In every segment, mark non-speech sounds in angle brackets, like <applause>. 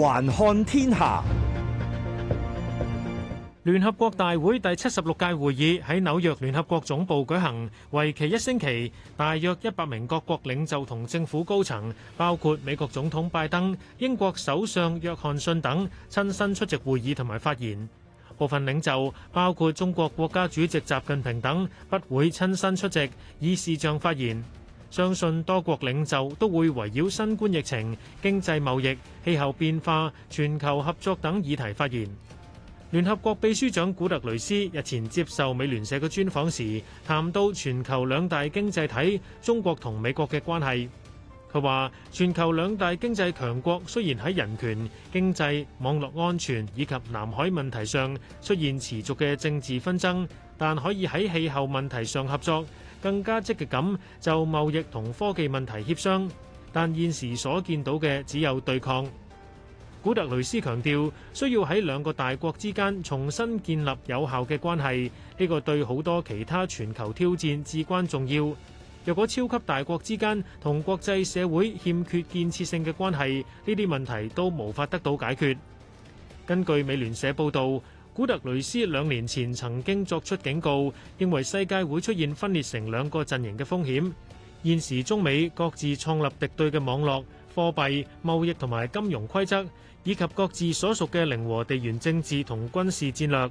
環看天下，聯合國大會第七十六屆會議喺紐約聯合國總部舉行，為期一星期，大約一百名各國領袖同政府高層，包括美國總統拜登、英國首相約翰遜等，親身出席會議同埋發言。部分領袖，包括中國國家主席習近平等，不會親身出席，以視像發言。相信多國領袖都會圍繞新冠疫情、經濟貿易、氣候變化、全球合作等議題發言。聯合國秘書長古特雷斯日前接受美聯社嘅專訪時，談到全球兩大經濟體中國同美國嘅關係。佢話：全球兩大經濟強國雖然喺人權、經濟、網絡安全以及南海問題上出現持續嘅政治紛爭，但可以喺氣候問題上合作，更加積極咁就貿易同科技問題協商。但現時所見到嘅只有對抗。古特雷斯強調，需要喺兩個大國之間重新建立有效嘅關係，呢個對好多其他全球挑戰至關重要。若果超級大國之間同國際社會欠缺建設性嘅關係，呢啲問題都無法得到解決。根據美聯社報導，古特雷斯兩年前曾經作出警告，認為世界會出現分裂成兩個陣營嘅風險。現時中美各自創立敵對嘅網絡、貨幣、貿易同埋金融規則，以及各自所屬嘅靈活地緣政治同軍事戰略。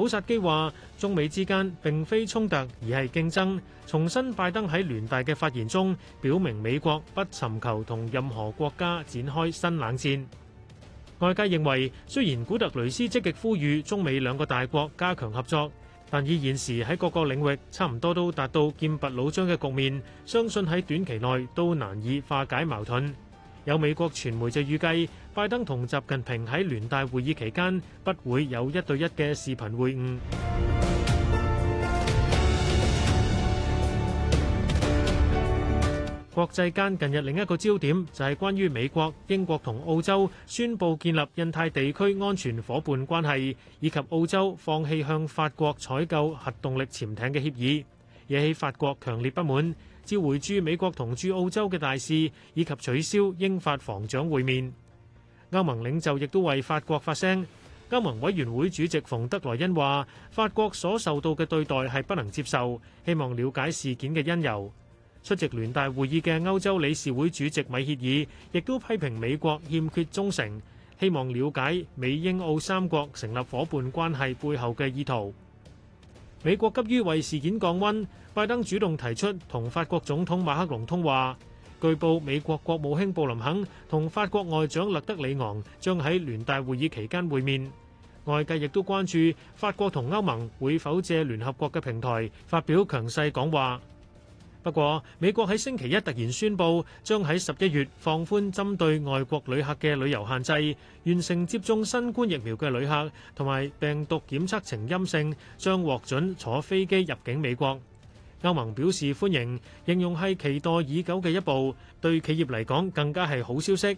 普薩基話：中美之間並非衝突，而係競爭。重申拜登喺聯大嘅發言中，表明美國不尋求同任何國家展開新冷戰。外界認為，雖然古特雷斯積極呼籲中美兩個大國加強合作，但以現時喺各個領域差唔多都達到劍拔弩張嘅局面，相信喺短期內都難以化解矛盾。有美國傳媒就預計，拜登同習近平喺聯大會議期間不會有一對一嘅視頻會晤。 <music> 國際間近日另一個焦點就係關於美國、英國同澳洲宣布建立印太地區安全夥伴關係，以及澳洲放棄向法國採購核動力潛艇嘅協議。惹起法國強烈不滿，召回駐美國同駐澳洲嘅大使，以及取消英法防長會面。歐盟領袖亦都為法國發聲。歐盟委員會主席馮德萊恩話：法國所受到嘅對待係不能接受，希望了解事件嘅因由。出席聯大會議嘅歐洲理事會主席米歇爾亦都批評美國欠缺忠誠，希望了解美英澳三國成立夥伴關係背後嘅意圖。美國急於為事件降温，拜登主動提出同法國總統馬克龍通話。據報美國國務卿布林肯同法國外長勒德里昂將喺聯大會議期間會面。外界亦都關注法國同歐盟會否借聯合國嘅平台發表強勢講話。不過，美國喺星期一突然宣布，將喺十一月放寬針對外國旅客嘅旅遊限制，完成接種新冠疫苗嘅旅客同埋病毒檢測呈陰性，將獲准坐飛機入境美國。歐盟表示歡迎，形容係期待已久嘅一步，對企業嚟講更加係好消息。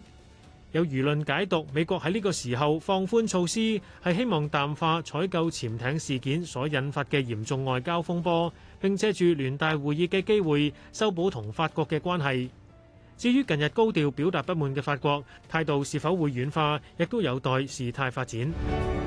有輿論解讀，美國喺呢個時候放寬措施，係希望淡化採購潛艇事件所引發嘅嚴重外交風波，並借住聯大會議嘅機會，修補同法國嘅關係。至於近日高調表達不滿嘅法國，態度是否會軟化，亦都有待事態發展。